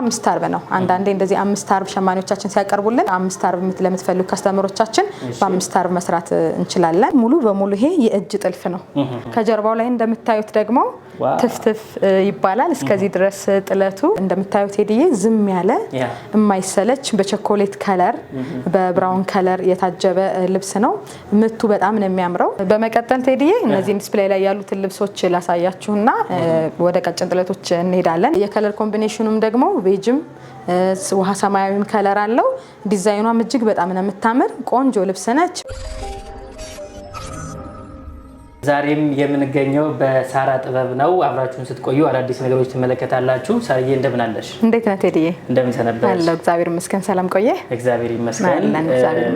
አምስት አርብ ነው። አንዳንዴ እንደዚህ አምስት አርብ ሸማኔዎቻችን ሲያቀርቡልን አምስት አርብ ለምትፈልጉ ከስተመሮቻችን በአምስት አርብ መስራት እንችላለን። ሙሉ በሙሉ ይሄ የእጅ ጥልፍ ነው። ከጀርባው ላይ እንደምታዩት ደግሞ ትፍትፍ ይባላል። እስከዚህ ድረስ ጥለቱ እንደምታዩት ሄድዬ ዝም ያለ የማይሰለች በቸኮሌት ከለር በብራውን ከለር የታጀበ ልብስ ነው። ምቱ በጣም ነው የሚያምረው። በመቀጠል ቴዲዬ እነዚህ ዲስፕላይ ላይ ያሉትን ልብሶች ላሳያችሁና ወደ ቀጭን ጥለቶች እንሄዳለን። የከለር ኮምቢኔሽኑም ደግሞ ቤጅም ውሃ ሰማያዊም ከለር አለው። ዲዛይኗም እጅግ በጣም ነው የምታምር ቆንጆ ልብስ ነች። ዛሬም የምንገኘው በሳራ ጥበብ ነው። አብራችሁን ስትቆዩ አዳዲስ ነገሮች ትመለከታላችሁ። ሳርዬ እንደምን አለሽ? እንዴት ነህ ቴድዬ? እንደምን አለሁ እግዚአብሔር ይመስገን። ሰላም ቆየ? እግዚአብሔር ይመስገን።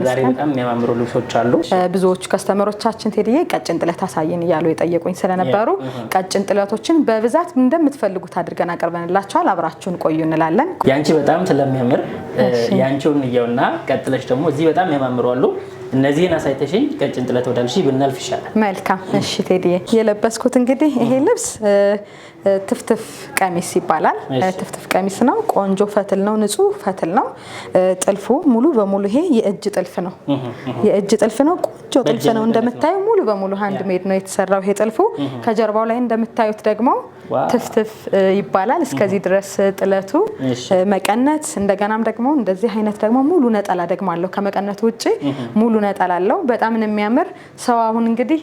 ዛሬ በጣም የሚያማምሩ ልብሶች አሉ። ብዙዎቹ ከስተመሮቻችን ቴድዬ ቀጭን ጥለት አሳየን እያሉ የጠየቁኝ ስለነበሩ ቀጭን ጥለቶችን በብዛት እንደምትፈልጉት አድርገን አቅርበንላቸዋል። አብራችሁን ቆዩ እንላለን። ያንቺ በጣም ስለሚያምር ያንቺውን እየውና ቀጥለሽ ደግሞ እዚህ በጣም የሚያማምሩ አሉ እነዚህን አሳይተሽኝ ቀጭን ጥለት ወዳልሽ ብናልፍ ይሻላል። መልካም እሺ ቴዲ፣ የለበስኩት እንግዲህ ይሄ ልብስ ትፍትፍ ቀሚስ ይባላል። ትፍትፍ ቀሚስ ነው። ቆንጆ ፈትል ነው፣ ንጹህ ፈትል ነው። ጥልፉ ሙሉ በሙሉ ይሄ የእጅ ጥልፍ ነው፣ የእጅ ጥልፍ ነው። ቆንጆ ጥልፍ ነው። እንደምታዩ ሙሉ በሙሉ ሀንድ ሜድ ነው የተሰራው ይሄ ጥልፉ። ከጀርባው ላይ እንደምታዩት ደግሞ ትፍትፍ ይባላል። እስከዚህ ድረስ ጥለቱ መቀነት፣ እንደገናም ደግሞ እንደዚህ አይነት ደግሞ ሙሉ ነጠላ ደግሞ አለው ከመቀነቱ ውጭ ሙሉ ነጠላ አለው። በጣም ነው የሚያምር። ሰው አሁን እንግዲህ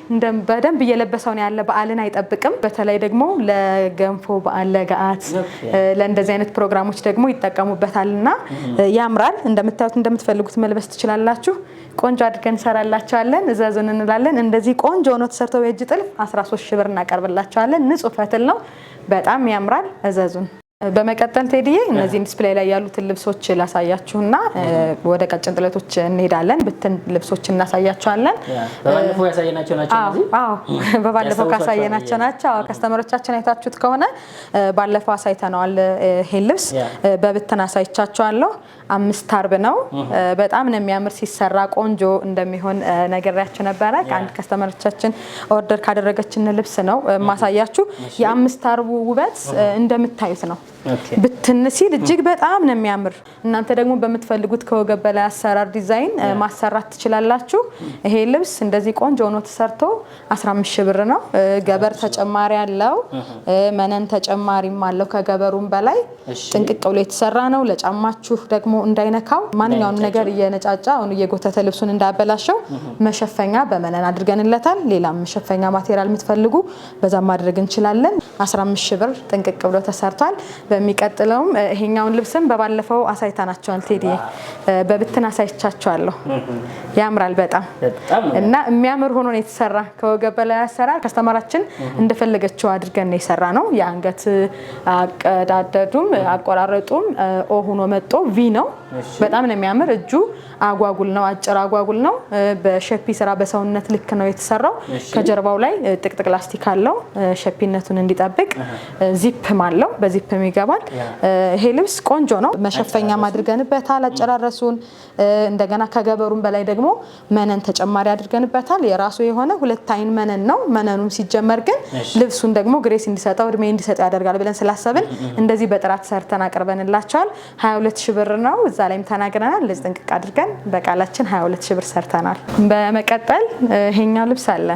በደንብ እየለበሰው ነው ያለ። በዓልን አይጠብቅም። በተለይ ደግሞ ለገንፎ በዓል፣ ለገዓት፣ ለእንደዚህ አይነት ፕሮግራሞች ደግሞ ይጠቀሙበታል እና ያምራል። እንደምታዩት እንደምትፈልጉት መልበስ ትችላላችሁ። ቆንጆ አድርገን እንሰራላቸዋለን። እዘዙን እንላለን። እንደዚህ ቆንጆ ሆኖ ተሰርተው የእጅ ጥልፍ 13 ሺ ብር እናቀርብላቸዋለን። ንጹህ ፈትል ነው። በጣም ያምራል። እዘዙን በመቀጠል ቴዲዬ እነዚህን ዲስፕሌይ ላይ ያሉትን ልብሶች ላሳያችሁና ወደ ቀጭን ጥለቶች እንሄዳለን። ብትን ልብሶች እናሳያችኋለን። በባለፈው ያሳየናቸው ናቸው። በባለፈው ካሳየናቸው ናቸው። ከስተመሮቻችን አይታችሁት ከሆነ ባለፈው አሳይተነዋል። ይሄን ልብስ በብትን አሳይቻችኋለሁ። አምስት አርብ ነው። በጣም ነው የሚያምር ሲሰራ ቆንጆ እንደሚሆን ነግሬያችሁ ነበረ። ከአንድ ከስተመሮቻችን ኦርደር ካደረገችን ልብስ ነው ማሳያችሁ። የአምስት አርቡ ውበት እንደምታዩት ነው። ብትን ሲል እጅግ በጣም ነው የሚያምር። እናንተ ደግሞ በምትፈልጉት ከወገብ በላይ አሰራር ዲዛይን ማሰራት ትችላላችሁ። ይሄ ልብስ እንደዚህ ቆንጆ ሆኖ ተሰርቶ 15 ሺህ ብር ነው። ገበር ተጨማሪ አለው፣ መነን ተጨማሪም አለው። ከገበሩም በላይ ጥንቅቅ ብሎ የተሰራ ነው። ለጫማችሁ ደግሞ እንዳይነካው ማንኛውም ነገር እየነጫጫ አሁን እየጎተተ ልብሱን እንዳያበላሸው መሸፈኛ በመነን አድርገንለታል። ሌላም መሸፈኛ ማቴሪያል የምትፈልጉ በዛም ማድረግ እንችላለን። 15 ሺህ ብር ጥንቅቅ ብሎ ተሰርቷል። በሚቀጥለውም ይሄኛውን ልብስም በባለፈው አሳይታናቸዋል። ቴዲ በብትን አሳይቻቸዋለሁ። ያምራል በጣም እና የሚያምር ሆኖ ነው የተሰራ። ከወገብ በላይ አሰራር ከስተማራችን እንደፈለገችው አድርገን ነው የሰራ ነው። የአንገት አቀዳደዱም አቆራረጡም ኦ ሆኖ መጦ ቪ ነው። በጣም ነው የሚያምር። እጁ አጓጉል ነው፣ አጭር አጓጉል ነው። በሸፒ ስራ በሰውነት ልክ ነው የተሰራው። ከጀርባው ላይ ጥቅጥቅ ላስቲክ አለው ሸፒነቱን እንዲጠብቅ። ዚፕም አለው በዚፕ የሚገ ይገባል። ይሄ ልብስ ቆንጆ ነው። መሸፈኛ አድርገንበታል አጨራረሱን። እንደገና ከገበሩን በላይ ደግሞ መነን ተጨማሪ አድርገንበታል። የራሱ የሆነ ሁለት አይን መነን ነው። መነኑም ሲጀመር ግን ልብሱን ደግሞ ግሬስ እንዲሰጠው እድሜ እንዲሰጠው ያደርጋል ብለን ስላሰብን እንደዚህ በጥራት ሰርተን አቅርበንላቸዋል። 22 ሺህ ብር ነው እዛ ላይም ተናግረናል። ልጅ ጥንቅቅ አድርገን በቃላችን 22 ሺህ ብር ሰርተናል። በመቀጠል ይሄኛው ልብስ አለ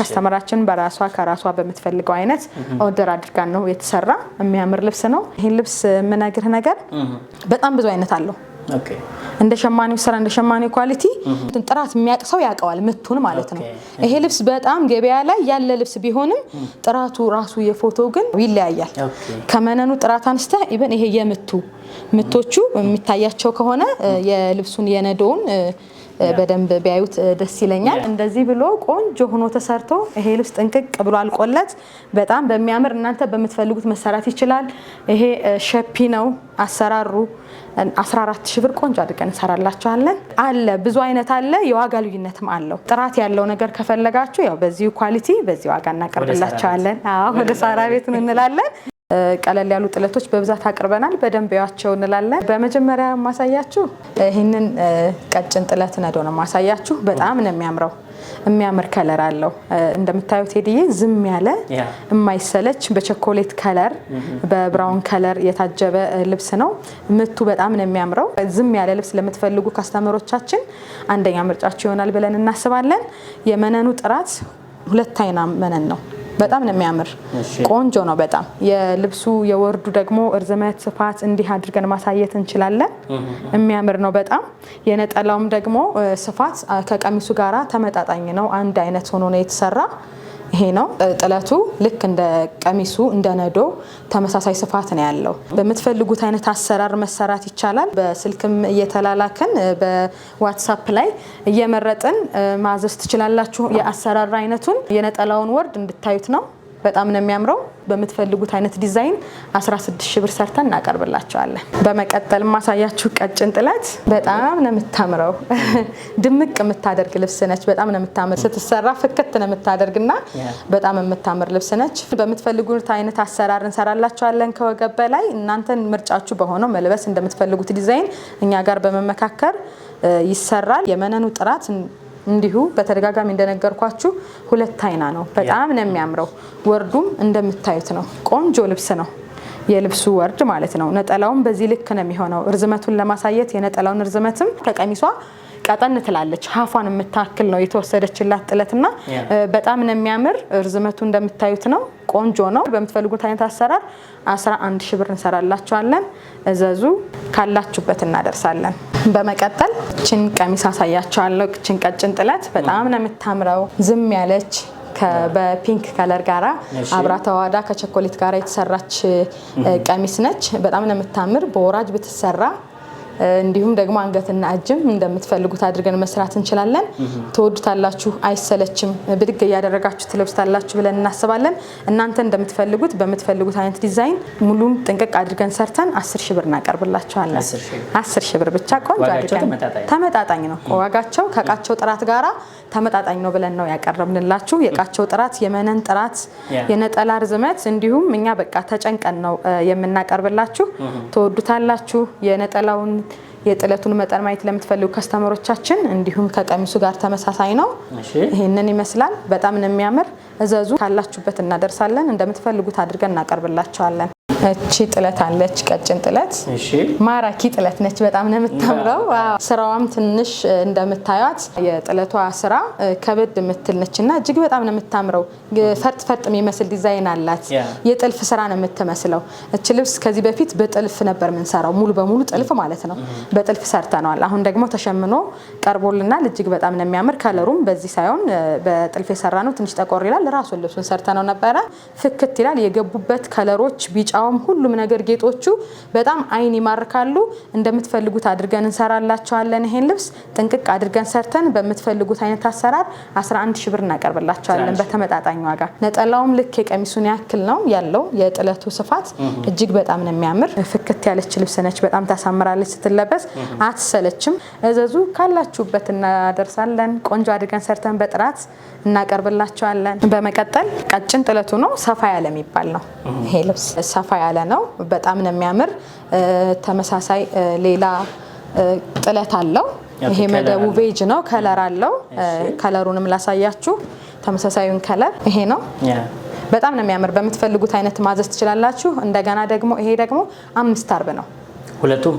ከስተመራችን በራሷ ከራሷ በምትፈልገው አይነት ኦርደር አድርጋን ነው የተሰራ የሚያምር ልብስ ነው። ይህን ልብስ የምነግርህ ነገር በጣም ብዙ አይነት አለው። እንደ ሸማኔው ስራ እንደ ሸማኔው ኳሊቲ ጥራት የሚያውቅ ሰው ያውቀዋል፣ ምቱን ማለት ነው። ይሄ ልብስ በጣም ገበያ ላይ ያለ ልብስ ቢሆንም ጥራቱ ራሱ የፎቶ ግን ይለያያል። ከመነኑ ጥራት አንስተ ይሄ የምቱ ምቶቹ የሚታያቸው ከሆነ የልብሱን የነዶውን በደንብ ቢያዩት ደስ ይለኛል። እንደዚህ ብሎ ቆንጆ ሆኖ ተሰርቶ ይሄ ልብስ ጥንቅቅ ብሎ አልቆለት በጣም በሚያምር እናንተ በምትፈልጉት መሰራት ይችላል። ይሄ ሸፒ ነው አሰራሩ 14 ሺህ ብር ቆንጆ አድርገን እንሰራላችኋለን። አለ ብዙ አይነት አለ፣ የዋጋ ልዩነትም አለው። ጥራት ያለው ነገር ከፈለጋችሁ ያው በዚሁ ኳሊቲ በዚህ ዋጋ እናቀርብላችኋለን። ወደ ሳራ ቤት እንላለን። ቀለል ያሉ ጥለቶች በብዛት አቅርበናል። በደንብ ያቸው እንላለን። በመጀመሪያ ማሳያችሁ ይህንን ቀጭን ጥለት ነዶ ነው ማሳያችሁ። በጣም ነው የሚያምረው። የሚያምር ከለር አለው እንደምታዩት ሄድዬ ዝም ያለ የማይሰለች በቸኮሌት ከለር በብራውን ከለር የታጀበ ልብስ ነው። ምቱ በጣም ነው የሚያምረው። ዝም ያለ ልብስ ለምትፈልጉ ካስተመሮቻችን አንደኛ ምርጫችሁ ይሆናል ብለን እናስባለን። የመነኑ ጥራት ሁለት አይና መነን ነው። በጣም ነው የሚያምር፣ ቆንጆ ነው በጣም የልብሱ የወርዱ ደግሞ እርዝመት፣ ስፋት እንዲህ አድርገን ማሳየት እንችላለን። የሚያምር ነው በጣም የነጠላውም ደግሞ ስፋት ከቀሚሱ ጋራ ተመጣጣኝ ነው፣ አንድ አይነት ሆኖ ነው የተሰራ ይሄ ነው ጥለቱ። ልክ እንደ ቀሚሱ እንደ ነዶ ተመሳሳይ ስፋት ነው ያለው። በምትፈልጉት አይነት አሰራር መሰራት ይቻላል። በስልክም እየተላላክን በዋትሳፕ ላይ እየመረጥን ማዘዝ ትችላላችሁ። የአሰራር አይነቱን የነጠላውን ወርድ እንድታዩት ነው። በጣም ነው የሚያምረው። በምትፈልጉት አይነት ዲዛይን 16 ሺ ብር ሰርተን እናቀርብላቸዋለን። በመቀጠል ማሳያችሁ ቀጭን ጥለት በጣም ነው የምታምረው። ድምቅ የምታደርግ ልብስ ነች። በጣም ነው የምታምር ስትሰራ ፍክት ነው የምታደርግና በጣም የምታምር ልብስ ነች። በምትፈልጉት አይነት አሰራር እንሰራላቸዋለን። ከወገብ በላይ እናንተን ምርጫችሁ በሆነው መልበስ እንደምትፈልጉት ዲዛይን እኛ ጋር በመመካከር ይሰራል። የመነኑ ጥራት እንዲሁ በተደጋጋሚ እንደነገርኳችሁ ሁለት አይና ነው። በጣም ነው የሚያምረው። ወርዱም እንደምታዩት ነው። ቆንጆ ልብስ ነው። የልብሱ ወርድ ማለት ነው። ነጠላውም በዚህ ልክ ነው የሚሆነው። እርዝመቱን ለማሳየት የነጠላውን እርዝመትም ከቀሚሷ ቀጠን ትላለች። ሀፏን የምታክል ነው የተወሰደችላት ጥለትና በጣም ነው የሚያምር። እርዝመቱ እንደምታዩት ነው። ቆንጆ ነው። በምትፈልጉት አይነት አሰራር 11 ሺ ብር እንሰራላችኋለን። እዘዙ። ካላችሁበት እናደርሳለን። በመቀጠል ችን ቀሚስ አሳያቸዋለሁ። ችን ቀጭን ጥለት በጣም ነው የምታምረው። ዝም ያለች በፒንክ ከለር ጋራ አብራ ተዋዳ ከቸኮሌት ጋራ የተሰራች ቀሚስ ነች። በጣም ነው የምታምር በወራጅ ብትሰራ እንዲሁም ደግሞ አንገትና እጅም እንደምትፈልጉት አድርገን መስራት እንችላለን። ትወዱታላችሁ፣ አይሰለችም። ብድግ እያደረጋችሁ ትለብሱታላችሁ ብለን እናስባለን። እናንተ እንደምትፈልጉት በምትፈልጉት አይነት ዲዛይን ሙሉን ጥንቅቅ አድርገን ሰርተን አስር ሽብር ብር እናቀርብላችኋለን። አስር ሺህ ብር ብቻ ቆንጆ አድርገን ተመጣጣኝ ነው ዋጋቸው ከእቃቸው ጥራት ጋራ ተመጣጣኝ ነው ብለን ነው ያቀረብንላችሁ። የእቃቸው ጥራት፣ የመነን ጥራት፣ የነጠላ ርዝመት እንዲሁም እኛ በቃ ተጨንቀን ነው የምናቀርብላችሁ። ትወዱታላችሁ የነጠላውን የጥለቱን መጠን ማየት ለምትፈልጉ ከስተመሮቻችን እንዲሁም ከቀሚሱ ጋር ተመሳሳይ ነው። ይህንን ይመስላል። በጣም ነው የሚያምር። እዘዙ። ካላችሁበት እናደርሳለን። እንደምትፈልጉት አድርገን እናቀርብላቸዋለን። እቺ ጥለት አለች፣ ቀጭን ጥለት ማራኪ ጥለት ነች። በጣም ነው የምታምረው። ስራዋም ትንሽ እንደምታዩት የጥለቷ ስራ ከበድ የምትል ነች እና እጅግ በጣም ነው የምታምረው። ፈርጥ ፈርጥ የሚመስል ዲዛይን አላት። የጥልፍ ስራ ነው የምትመስለው። እች ልብስ ከዚህ በፊት በጥልፍ ነበር የምንሰራው፣ ሙሉ በሙሉ ጥልፍ ማለት ነው። በጥልፍ ሰርተነዋል። አሁን ደግሞ ተሸምኖ ቀርቦልናል። እጅግ በጣም ነው የሚያምር። ከለሩም በዚህ ሳይሆን በጥልፍ የሰራ ነው። ትንሽ ጠቆር ይላል። ራሱን ልብሱን ሰርተነው ነበረ። ፍክት ይላል። የገቡበት ከለሮች ቢጫው ዙሪያውም ሁሉም ነገር ጌጦቹ በጣም አይን ይማርካሉ። እንደምትፈልጉት አድርገን እንሰራላቸዋለን። ይሄን ልብስ ጥንቅቅ አድርገን ሰርተን በምትፈልጉት አይነት አሰራር 11 ሺ ብር እናቀርብላቸዋለን በተመጣጣኝ ዋጋ። ነጠላውም ልክ የቀሚሱን ያክል ነው ያለው የጥለቱ ስፋት እጅግ በጣም ነው የሚያምር። ፍክት ያለች ልብስ ነች። በጣም ታሳምራለች ስትለበስ አትሰለችም። እዘዙ ካላችሁበት እናደርሳለን። ቆንጆ አድርገን ሰርተን በጥራት እናቀርብላቸዋለን። በመቀጠል ቀጭን ጥለቱ ነው ሰፋ ያለ የሚባል ነው ይሄ ልብስ ሰፋ ያለ ነው። በጣም ነው የሚያምር። ተመሳሳይ ሌላ ጥለት አለው። ይሄ መደቡ ቤጅ ነው። ከለር አለው። ከለሩንም ላሳያችሁ። ተመሳሳዩን ከለር ይሄ ነው። በጣም ነው የሚያምር። በምትፈልጉት አይነት ማዘዝ ትችላላችሁ። እንደገና ደግሞ ይሄ ደግሞ አምስት አርብ ነው። ሁለቱም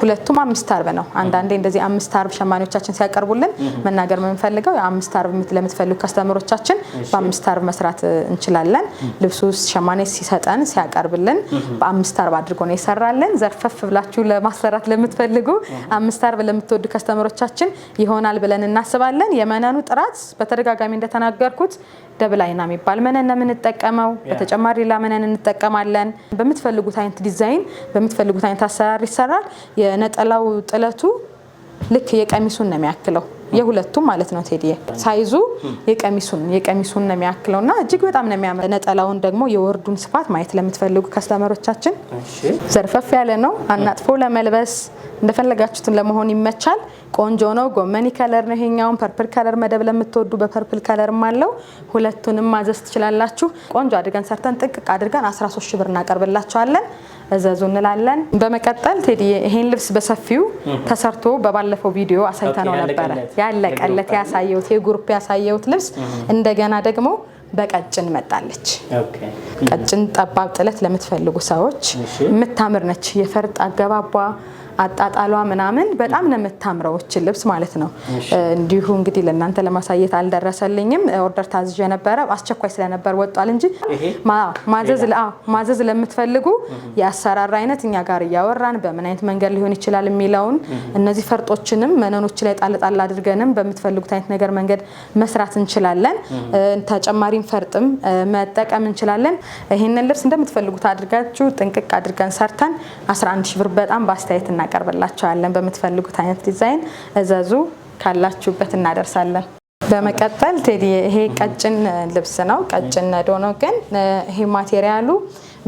ሁለቱም አምስት አርብ ነው። አንዳንዴ እንደዚህ አምስት አርብ ሸማኔዎቻችን ሲያቀርቡልን መናገር የምንፈልገው አምስት አርብ ለምትፈልጉ ከስተምሮቻችን በአምስት አርብ መስራት እንችላለን። ልብሱ ሸማኔ ሲሰጠን ሲያቀርብልን በአምስት አርብ አድርጎ ነው የሰራልን። ዘርፈፍ ብላችሁ ለማሰራት ለምትፈልጉ አምስት አርብ ለምትወዱ ከስተምሮቻችን ይሆናል ብለን እናስባለን። የመነኑ ጥራት በተደጋጋሚ እንደተናገርኩት ደብል አይና የሚባል መነን ነው የምንጠቀመው። በተጨማሪ ሌላ መነን እንጠቀማለን። በምትፈልጉት አይነት ዲዛይን፣ በምትፈልጉት አይነት አሰራር ይሰራል። የነጠላው ጥለቱ ልክ የቀሚሱን ነው የሚያክለው። የሁለቱም ማለት ነው ቴዲ ሳይዙ የቀሚሱን የቀሚሱን ነው የሚያክለው እና እጅግ በጣም ነው የሚያምር። ነጠላውን ደግሞ የወርዱን ስፋት ማየት ለምትፈልጉ ከስተመሮቻችን ዘርፈፍ ያለ ነው። አናጥፎ ለመልበስ እንደፈለጋችሁትን ለመሆን ይመቻል። ቆንጆ ነው። ጎመኒ ከለር ነው ይሄኛውን። ፐርፕል ከለር መደብ ለምትወዱ በፐርፕል ከለርም አለው። ሁለቱንም ማዘዝ ትችላላችሁ። ቆንጆ አድርገን ሰርተን ጥንቅቅ አድርገን 13 ሺ ብር እናቀርብላችኋለን። እዘዙ እንላለን። በመቀጠል ቴዲ ይሄን ልብስ በሰፊው ተሰርቶ በባለፈው ቪዲዮ አሳይተነው ነበረ። ያለቀለት ያሳየሁት የጉርፕ ያሳየሁት ልብስ እንደገና ደግሞ በቀጭን መጣለች። ቀጭን ጠባብ ጥለት ለምትፈልጉ ሰዎች የምታምር ነች። የፈርጥ አገባቧ አጣጣሏ ምናምን በጣም ነው የምታምረው ልብስ ማለት ነው። እንዲሁ እንግዲህ ለእናንተ ለማሳየት አልደረሰልኝም። ኦርደር ታዝዤ ነበረ አስቸኳይ ስለነበር ወጧል እንጂ ማዘዝ ለምትፈልጉ የአሰራር አይነት እኛ ጋር እያወራን በምን አይነት መንገድ ሊሆን ይችላል የሚለውን እነዚህ ፈርጦችንም መነኖች ላይ ጣልጣል አድርገንም በምትፈልጉት አይነት ነገር መንገድ መስራት እንችላለን። ተጨማሪም ፈርጥም መጠቀም እንችላለን። ይህንን ልብስ እንደምትፈልጉት አድርጋችሁ ጥንቅቅ አድርገን ሰርተን 11 ሺ ብር በጣም በአስተያየት እና እናቀርብላቸዋለን። በምትፈልጉት አይነት ዲዛይን እዘዙ፣ ካላችሁበት እናደርሳለን። በመቀጠል ቴዲ ይሄ ቀጭን ልብስ ነው። ቀጭን ነዶ ነው፣ ግን ይሄ ማቴሪያሉ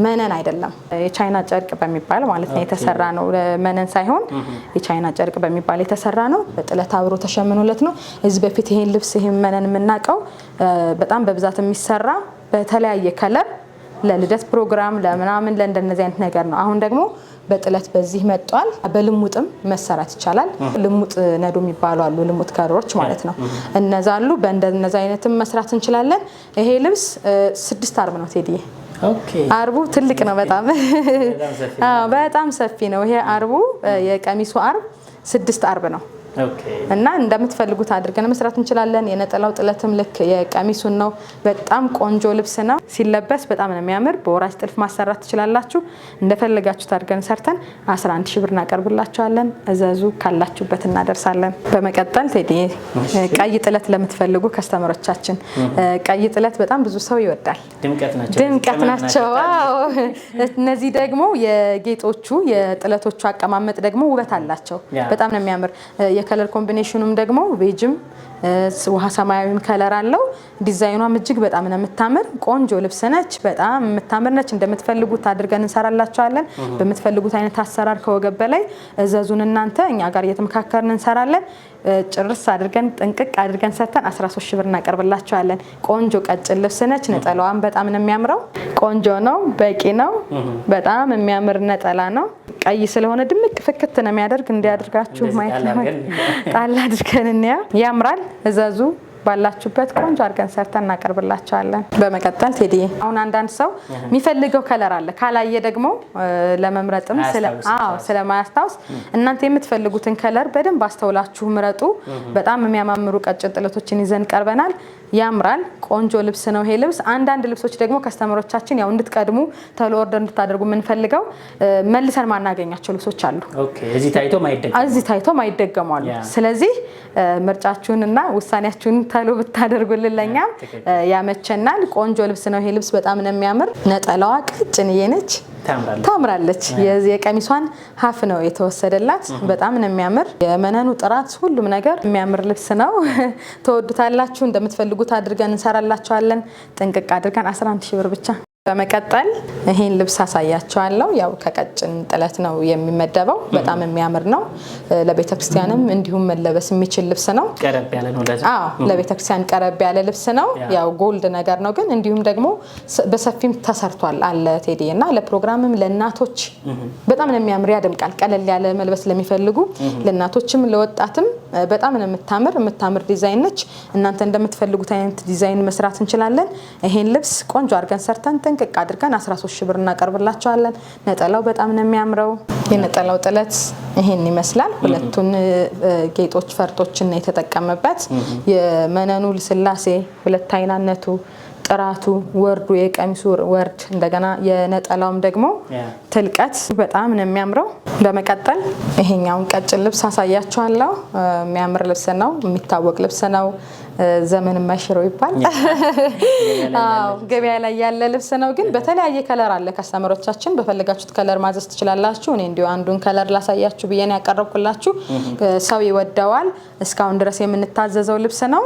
መነን አይደለም። የቻይና ጨርቅ በሚባል ማለት ነው የተሰራ ነው። መነን ሳይሆን የቻይና ጨርቅ በሚባል የተሰራ ነው። በጥለት አብሮ ተሸምኖለት ነው። እዚህ በፊት ይሄን ልብስ ይሄን መነን የምናውቀው በጣም በብዛት የሚሰራ በተለያየ ከለር ለልደት ፕሮግራም ለምናምን ለእንደነዚህ አይነት ነገር ነው። አሁን ደግሞ በጥለት በዚህ መጧል። በልሙጥም መሰራት ይቻላል። ልሙጥ ነዶ የሚባሉ አሉ፣ ልሙጥ ከሮች ማለት ነው። እነዛ አሉ። በእንደነዚ አይነትም መስራት እንችላለን። ይሄ ልብስ ስድስት አርብ ነው ቴዲ አርቡ ትልቅ ነው፣ በጣም በጣም ሰፊ ነው። ይሄ አርቡ የቀሚሱ አርብ ስድስት አርብ ነው። እና እንደምትፈልጉት አድርገን መስራት እንችላለን። የነጠላው ጥለትም ልክ የቀሚሱን ነው። በጣም ቆንጆ ልብስ ነው። ሲለበስ በጣም ነው የሚያምር። በወራጅ ጥልፍ ማሰራት ትችላላችሁ። እንደፈለጋችሁት አድርገን ሰርተን 11 ሺህ ብር እናቀርብላችኋለን። እዘዙ፣ ካላችሁበት እናደርሳለን። በመቀጠል ቴዲ ቀይ ጥለት ለምትፈልጉ ከስተመሮቻችን ቀይ ጥለት በጣም ብዙ ሰው ይወዳል። ድምቀት ናቸው። እነዚህ ደግሞ የጌጦቹ የጥለቶቹ አቀማመጥ ደግሞ ውበት አላቸው። በጣም ነው የሚያምር የከለር ኮምቢኔሽኑም ደግሞ ቤጅም ውሃ ሰማያዊም ከለር አለው። ዲዛይኗም እጅግ በጣም ነው የምታምር ቆንጆ ልብስ ነች። በጣም የምታምር ነች። እንደምትፈልጉት አድርገን እንሰራላቸዋለን። በምትፈልጉት አይነት አሰራር ከወገብ በላይ እዘዙን እናንተ እኛ ጋር እየተመካከርን እንሰራለን። ጭርስ አድርገን ጥንቅቅ አድርገን ሰርተን 13 ሺህ ብር እናቀርብላቸዋለን። ቆንጆ ቀጭን ልብስ ነች። ነጠላዋን በጣም ነው የሚያምረው። ቆንጆ ነው፣ በቂ ነው። በጣም የሚያምር ነጠላ ነው። ቀይ ስለሆነ ድምቅ ፍክት ነው የሚያደርግ። እንዲያደርጋችሁ ማየት ነው። ጣል አድርገን እንያ ያምራል። እዘዙ። ባላችሁበት ቆንጆ አድርገን ሰርተን እናቀርብላቸዋለን። በመቀጠል ቴዲ አሁን አንዳንድ ሰው የሚፈልገው ከለር አለ ካላየ ደግሞ ለመምረጥም ስለማያስታውስ እናንተ የምትፈልጉትን ከለር በደንብ አስተውላችሁ ምረጡ። በጣም የሚያማምሩ ቀጭን ጥለቶችን ይዘን ቀርበናል። ያምራል። ቆንጆ ልብስ ነው ይሄ ልብስ። አንዳንድ ልብሶች ደግሞ ከስተመሮቻችን ያው እንድትቀድሙ ተሎ ኦርደር እንድታደርጉ የምንፈልገው መልሰን ማናገኛቸው ልብሶች አሉ፣ እዚህ ታይቶ ማይደገሙ አሉ። ስለዚህ ምርጫችሁንና ውሳኔያችሁን ተሎ ብታደርጉልን ያመቸናል። ቆንጆ ልብስ ነው ይሄ ልብስ በጣም ነው የሚያምር። ነጠላዋ ቀጭንዬ ነች፣ ታምራለች። የቀሚሷን ሀፍ ነው የተወሰደላት። በጣም ነው የሚያምር። የመነኑ ጥራት፣ ሁሉም ነገር የሚያምር ልብስ ነው። ተወዱታላችሁ እንደምትፈልጉ ጉታ አድርገን እንሰራላቸዋለን። ጥንቅቅ አድርገን 11 ሺ ብር ብቻ። በመቀጠል ይሄን ልብስ አሳያቸዋለሁ። ያው ከቀጭን ጥለት ነው የሚመደበው። በጣም የሚያምር ነው። ክርስቲያንም እንዲሁም መለበስ የሚችል ልብስ ነው። አዎ ክርስቲያን ቀረብ ያለ ልብስ ነው። ያው ጎልድ ነገር ነው ግን እንዲሁም ደግሞ በሰፊም ተሰርቷል አለ ቴዲ እና ለፕሮግራምም ለእናቶች በጣም ነው የሚያምር፣ ያደምቃል። ቀለል ያለ መልበስ ለሚፈልጉ ለእናቶችም ለወጣትም በጣም ነው የምታምር የምታምር ዲዛይን ነች። እናንተ እንደምትፈልጉት አይነት ዲዛይን መስራት እንችላለን። ይሄን ልብስ ቆንጆ አድርገን ሰርተን ጥንቅቅ አድርገን 13 ሺ ብር እናቀርብላቸዋለን። ነጠላው በጣም ነው የሚያምረው። የነጠላው ጥለት ይሄን ይመስላል። ሁለቱን ጌጦች ፈርጦችን የተጠቀመበት የመነኑ ልስላሴ ሁለት አይናነቱ ጥራቱ፣ ወርዱ፣ የቀሚሱ ወርድ እንደገና የነጠላውም ደግሞ ትልቀት በጣም ነው የሚያምረው። በመቀጠል ይሄኛውን ቀጭን ልብስ አሳያችኋለሁ። የሚያምር ልብስ ነው፣ የሚታወቅ ልብስ ነው። ዘመን የማይሽረው ይባል ገበያ ላይ ያለ ልብስ ነው፣ ግን በተለያየ ከለር አለ። ከስተመሮቻችን በፈለጋችሁት ከለር ማዘዝ ትችላላችሁ። እኔ እንዲሁ አንዱን ከለር ላሳያችሁ ብዬ ነው ያቀረብኩላችሁ። ሰው ይወደዋል። እስካሁን ድረስ የምንታዘዘው ልብስ ነው።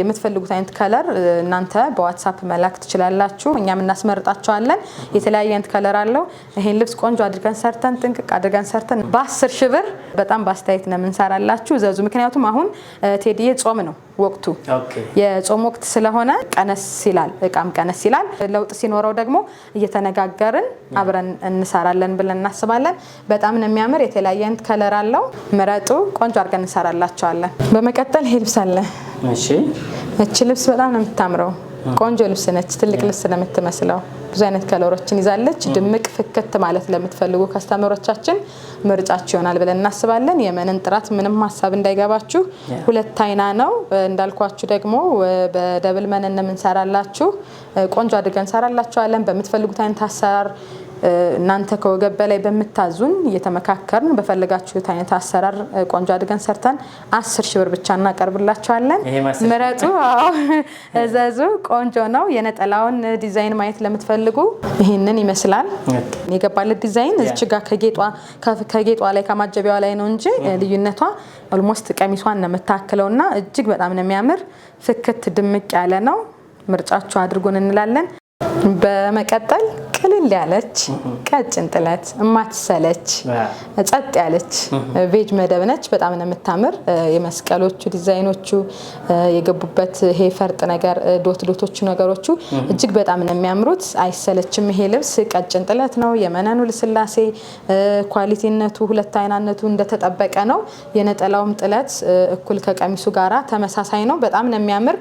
የምትፈልጉት አይነት ከለር እናንተ በዋትሳፕ መላክ ትችላላችሁ። እኛም እናስመርጣቸዋለን። የተለያየ አይነት ከለር አለው። ይህን ልብስ ቆንጆ አድርገን ሰርተን ጥንቅቅ አድርገን ሰርተን በአስር ሺህ ብር በጣም በአስተያየት ነው የምንሰራላችሁ። ዘዙ። ምክንያቱም አሁን ቴዲዬ ጾም ነው ወቅቱ የጾም ወቅት ስለሆነ ቀነስ ይላል፣ እቃም ቀነስ ይላል። ለውጥ ሲኖረው ደግሞ እየተነጋገርን አብረን እንሰራለን ብለን እናስባለን። በጣም ነው የሚያምር። የተለያየ አይነት ከለር አለው። ምረጡ። ቆንጆ አድርገን እንሰራላቸዋለን። በመቀጠል ይሄ ልብስ አለ። እሺ እቺ ልብስ በጣም ነው የምታምረው። ቆንጆ ልብስ ነች። ትልቅ ልብስ ነው የምትመስለው። ብዙ አይነት ከለሮችን ይዛለች። ድምቅ ፍክት ማለት ለምትፈልጉ ከስተመሮቻችን ምርጫችሁ ይሆናል ብለን እናስባለን። የመንን ጥራት ምንም ሀሳብ እንዳይገባችሁ፣ ሁለት አይና ነው እንዳልኳችሁ። ደግሞ በደብል መንን እንሰራላችሁ ቆንጆ አድርገን እንሰራላችኋለን በምትፈልጉት አይነት አሰራር እናንተ ከወገብ በላይ በምታዙን እየተመካከርን በፈለጋችሁት አይነት አሰራር ቆንጆ አድርገን ሰርተን አስር ሺህ ብር ብቻ እናቀርብላቸዋለን። ምረጡ፣ እዘዙ። ቆንጆ ነው። የነጠላውን ዲዛይን ማየት ለምትፈልጉ ይህንን ይመስላል። የገባለት ዲዛይን እዚች ጋር ከጌጧ ላይ ከማጀቢያዋ ላይ ነው እንጂ ልዩነቷ ኦልሞስት ቀሚሷን ነው የምታክለው እና እጅግ በጣም ነው የሚያምር። ፍክት ድምቅ ያለ ነው። ምርጫችሁ አድርጉን እንላለን። በመቀጠል ቅልል ያለች ቀጭን ጥለት እማትሰለች ጸጥ ያለች ቬጅ መደብ ነች። በጣም ነው የምታምር። የመስቀሎቹ ዲዛይኖቹ የገቡበት ይሄ ፈርጥ ነገር ዶት ዶቶቹ ነገሮቹ እጅግ በጣም ነው የሚያምሩት። አይሰለችም። ይሄ ልብስ ቀጭን ጥለት ነው። የመነኑ ልስላሴ ኳሊቲነቱ፣ ሁለት አይናነቱ እንደተጠበቀ ነው። የነጠላውም ጥለት እኩል ከቀሚሱ ጋራ ተመሳሳይ ነው። በጣም ነው የሚያምር።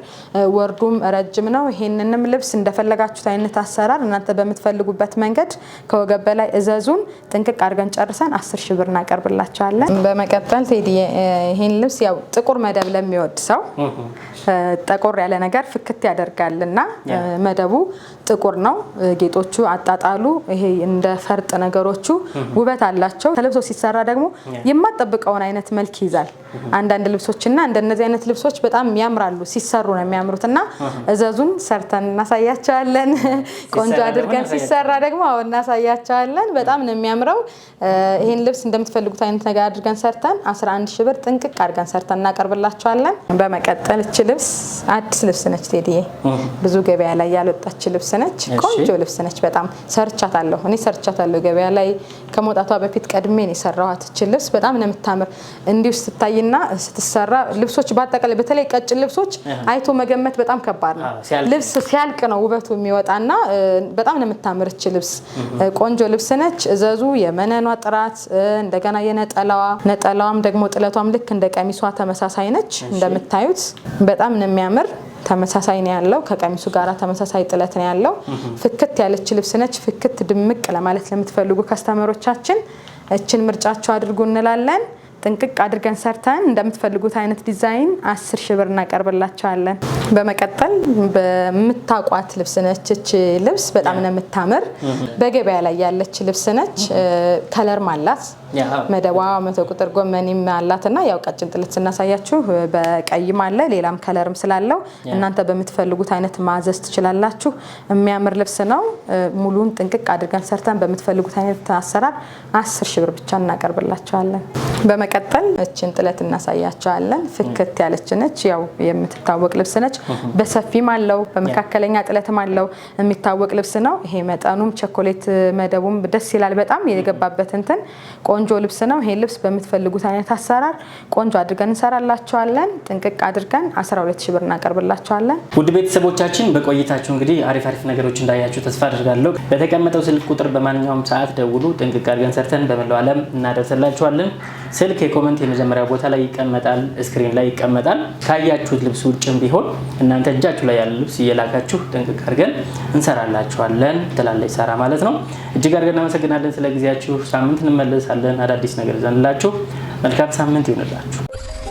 ወርዱም ረጅም ነው። ይሄንንም ልብስ እንደፈለጋችሁት አይነት አሰራር እናንተ በምትፈልጉ በሚፈልጉበት መንገድ ከወገብ በላይ እዘዙን ጥንቅቅ አድርገን ጨርሰን አስር ሺ ብር እናቀርብላቸዋለን። በመቀጠል ቴዲ ይህን ልብስ ያው ጥቁር መደብ ለሚወድ ሰው ጠቆር ያለ ነገር ፍክት እና መደቡ ጥቁር ነው። ጌጦቹ አጣጣሉ፣ ይሄ እንደ ፈርጥ ነገሮቹ ውበት አላቸው። ተለብሶ ሲሰራ ደግሞ የማጠብቀውን አይነት መልክ ይዛል። አንዳንድ ልብሶችና እንደነዚህ አይነት ልብሶች በጣም ያምራሉ፣ ሲሰሩ ነው የሚያምሩት። እና እዘዙን ሰርተን እናሳያቸዋለን። ቆንጆ አድርገን ሲሰራ ደግሞ አሁን እናሳያቸዋለን። በጣም ነው የሚያምረው። ይህን ልብስ እንደምትፈልጉት አይነት ነገር አድርገን ሰርተን 11 ሺህ ብር ጥንቅቅ አድርገን ሰርተን እናቀርብላቸዋለን። በመቀጠል እች ልብስ አዲስ ልብስ ነች ቴዲዬ፣ ብዙ ገበያ ላይ ያልወጣች ልብስ ነች። ቆንጆ ልብስ ነች። በጣም ሰርቻታለሁ እኔ ሰርቻታለሁ። ገበያ ላይ ከመውጣቷ በፊት ቀድሜ ነው የሰራኋት። እችን ልብስ በጣም ነው የምታምር። እንዲሁ ስትታይና ስትሰራ ልብሶች በአጠቃላይ በተለይ ቀጭን ልብሶች አይቶ መገመት በጣም ከባድ ነው። ልብስ ሲያልቅ ነው ውበቱ የሚወጣና በጣም ነው የምታምር እች ልብስ። ቆንጆ ልብስ ነች። እዘዙ። የመነኗ ጥራት እንደገና የነጠላዋ ነጠላዋም ደግሞ ጥለቷም ልክ እንደ ቀሚሷ ተመሳሳይ ነች። እንደምታዩት በጣም ነው የሚያምር ተመሳሳይ ነው ያለው። ከቀሚሱ ጋራ ተመሳሳይ ጥለት ነው ያለው። ፍክት ያለች ልብስ ነች። ፍክት ድምቅ ለማለት ለምትፈልጉ ከስተመሮቻችን እችን ምርጫቸው አድርጉ እንላለን። ጥንቅቅ አድርገን ሰርተን እንደምትፈልጉት አይነት ዲዛይን አስር ሺ ብር እናቀርብላቸዋለን። በመቀጠል በምታቋት ልብስ ነች። እች ልብስ በጣም ነው የምታምር። በገበያ ላይ ያለች ልብስ ነች። ከለርም አላት መደቧ መቶ ቁጥር ጎመኒም አላት እና ያው ቀጭን ጥልት ስናሳያችሁ በቀይም አለ ሌላም ከለርም ስላለው እናንተ በምትፈልጉት አይነት ማዘዝ ትችላላችሁ። የሚያምር ልብስ ነው። ሙሉን ጥንቅቅ አድርገን ሰርተን በምትፈልጉት አይነት አሰራር አስር ሺ ብር ብቻ እናቀርብላችኋለን። በመቀጠል እችን ጥለት እናሳያቸዋለን። ፍክት ያለች ነች። ያው የምትታወቅ ልብስ ነች። በሰፊም አለው በመካከለኛ ጥለትም አለው የሚታወቅ ልብስ ነው። ይሄ መጠኑም ቸኮሌት መደቡም ደስ ይላል። በጣም የገባበት እንትን ቆንጆ ቆንጆ ልብስ ነው። ይሄ ልብስ በምትፈልጉት አይነት አሰራር ቆንጆ አድርገን እንሰራላችኋለን። ጥንቅቅ አድርገን 12 ሺ ብር እናቀርብላችኋለን። ውድ ቤተሰቦቻችን በቆይታችሁ እንግዲህ አሪፍ አሪፍ ነገሮች እንዳያችሁ ተስፋ አድርጋለሁ። በተቀመጠው ስልክ ቁጥር በማንኛውም ሰዓት ደውሉ። ጥንቅቅ አድርገን ሰርተን በመላው ዓለም እናደርሰላችኋለን። ስልክ የኮመንት የመጀመሪያ ቦታ ላይ ይቀመጣል፣ ስክሪን ላይ ይቀመጣል። ካያችሁት ልብስ ውጭም ቢሆን እናንተ እጃችሁ ላይ ያለ ልብስ እየላካችሁ ጥንቅቅ አድርገን እንሰራላችኋለን ትላለች ሰራ ማለት ነው። እጅግ አድርገን እናመሰግናለን ስለ ጊዜያችሁ። ሳምንት እንመለሳለን። እንመጣለን። አዳዲስ ነገር ይዘንላችሁ። መልካም ሳምንት ይሆንላችሁ።